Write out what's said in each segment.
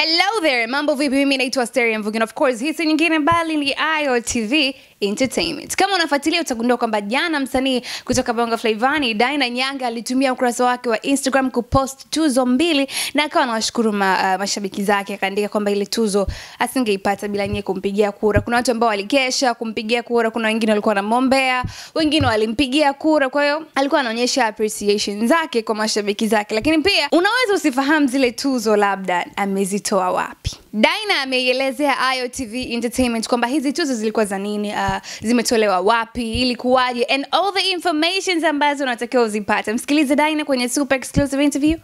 Hello there, mambo vipi? Mimi naitwa steria mvugin of course hisi nyingine bali ni IOTV Entertainment. Kama unafuatilia utagundua kwamba jana msanii kutoka bonga flaivani Daina Nyanga alitumia ukurasa wake wa Instagram kupost tuzo mbili na akawa anawashukuru ma, uh, mashabiki zake, akaandika kwamba ile tuzo asingeipata bila nyie kumpigia kura. Kuna watu ambao walikesha kumpigia kura, kuna wengine walikuwa wanamwombea, wengine walimpigia kura. Kwa hiyo alikuwa anaonyesha appreciation zake kwa mashabiki zake, lakini pia unaweza usifahamu zile tuzo labda amezi wamejitoa wapi. Daina ameielezea IOTV Entertainment kwamba hizi tuzo zilikuwa za nini, uh, zimetolewa wapi, ilikuwaje and all the informations ambazo unatakiwa uzipate. Msikilize Daina kwenye super exclusive interview.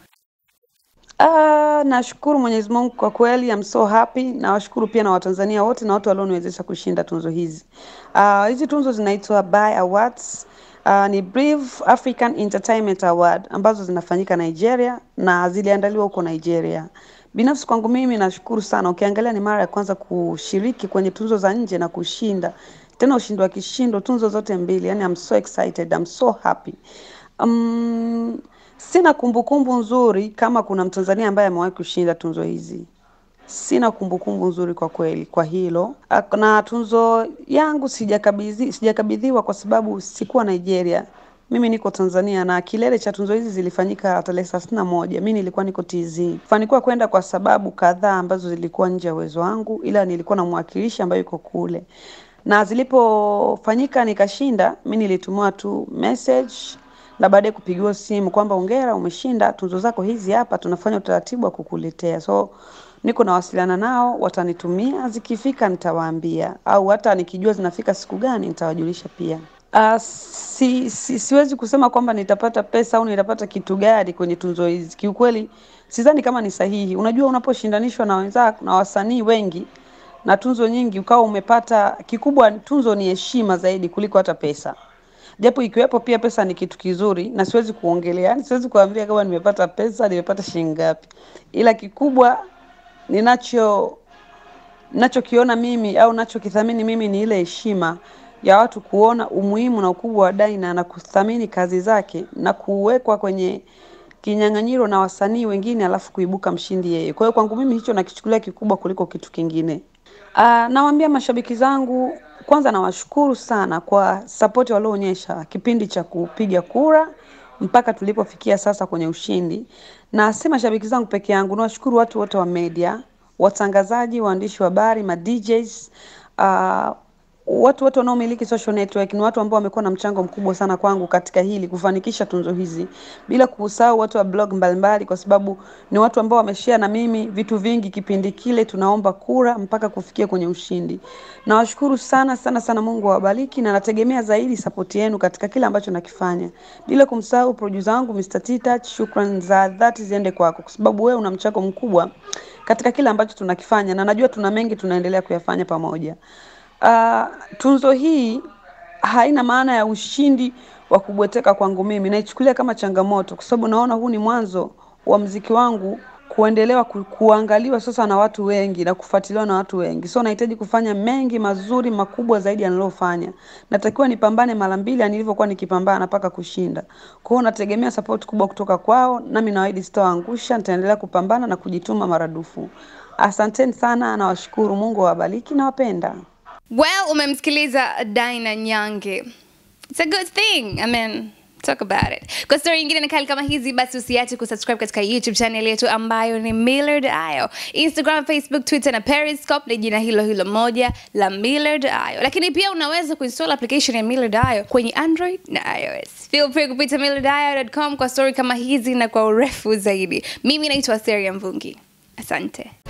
Uh, nashukuru Mwenyezi Mungu kwa kweli, I'm so happy. Nawashukuru pia na Watanzania wote na watu walioniwezesha kushinda tunzo hizi. Uh, hizi tunzo zinaitwa Bai Awards. Uh, ni Brief African Entertainment Award ambazo zinafanyika Nigeria na ziliandaliwa huko Nigeria. Binafsi kwangu mimi nashukuru sana. Ukiangalia ni mara ya kwanza kushiriki kwenye tunzo za nje na kushinda, tena ushindi wa kishindo tunzo zote mbili. Yani I'm so excited, I'm so happy. Um, sina kumbukumbu kumbu nzuri kama kuna Mtanzania ambaye amewahi kushinda tunzo hizi. Sina kumbukumbu kumbu nzuri kwa kweli kwa hilo, na tunzo yangu sijakabidhiwa sijakabidhiwa kwa sababu sikuwa Nigeria. Mimi niko Tanzania na kilele cha tunzo hizi zilifanyika tarehe thelathini na moja. Mimi nilikuwa niko TZ. Fanikiwa kwenda kwa sababu kadhaa ambazo zilikuwa nje ya uwezo wangu, ila nilikuwa na mwakilishi ambaye yuko kule, na zilipofanyika nikashinda, mimi nilitumiwa tu message na baadaye kupigiwa simu kwamba ongera umeshinda tunzo zako hizi, hapa tunafanya utaratibu wa kukuletea. So niko nawasiliana nao, watanitumia, zikifika nitawaambia, au hata nikijua zinafika siku gani nitawajulisha pia. Uh, si, si, siwezi kusema kwamba nitapata pesa au nitapata kitu gani kwenye tunzo hizi. Kiukweli sidhani kama ni sahihi. Unajua, unaposhindanishwa na wenzako na wasanii wengi na tunzo nyingi ukawa umepata kikubwa, tunzo ni heshima zaidi kuliko hata pesa, japo ikiwepo pia pesa ni kitu kizuri, na siwezi kuongelea, yani siwezi kuambia kama nimepata pesa, nimepata shilingi ngapi, ila kikubwa ninacho nachokiona mimi au nachokithamini mimi ni ile heshima ya watu kuona umuhimu na ukubwa wa Daina na kuthamini kazi zake na kuwekwa kwenye kinyang'anyiro na wasanii wengine alafu kuibuka mshindi yeye. Kwa hiyo kwangu mimi hicho nakichukulia kikubwa kuliko kitu kingine. Uh, nawaambia mashabiki zangu kwanza, nawashukuru sana kwa sapoti walioonyesha kipindi cha kupiga kura mpaka tulipofikia sasa kwenye ushindi, na si mashabiki zangu peke yangu, nawashukuru watu wote wa media, watangazaji, waandishi wa habari, ma DJs, uh, ah, watu wote wanaomiliki social network ni watu ambao wamekuwa na mchango mkubwa sana kwangu katika hili kufanikisha tunzo hizi, bila kusahau watu wa blog mbalimbali, kwa sababu ni watu ambao wameshare na mimi vitu vingi kipindi kile tunaomba kura mpaka kufikia kwenye ushindi. Nawashukuru sana sana sana, Mungu awabariki, na nategemea zaidi support yenu katika kile ambacho nakifanya, bila kumsahau producer wangu Mr. Tita. za dhati ziende kwako, kwa sababu wewe una mchango mkubwa katika kile ambacho tunakifanya, na najua tuna mengi tunaendelea kuyafanya pamoja uh, tunzo hii haina maana ya ushindi wa kubweteka kwangu mimi, naichukulia kama changamoto, kwa sababu naona huu ni mwanzo wa mziki wangu kuendelewa ku, kuangaliwa sasa na watu wengi na kufuatiliwa na watu wengi. So nahitaji kufanya mengi mazuri makubwa zaidi yanalofanya Natakiwa nipambane mara mbili nilivyokuwa nikipambana mpaka kushinda. kwao nategemea support kubwa kutoka kwao, nami nawaidi sitawaangusha, nitaendelea kupambana na kujituma maradufu. Asanteni sana, nawashukuru. Mungu awabariki, nawapenda. Well, umemsikiliza Dina Nyange. It's a good thing. I mean, talk about it. Kwa story nyingine na kali kama hizi, basi usiache kusubscribe katika YouTube channel yetu ambayo ni Millard Ayo. Instagram, Facebook, Twitter na Periscope ni jina hilo hilo moja la Millard Ayo, lakini pia unaweza kuinstall application ya Millard Ayo kwenye Android na iOS. Feel free kupita millardayo.com kwa story kama hizi na kwa urefu zaidi. Mimi naitwa Seria Mvungi, asante.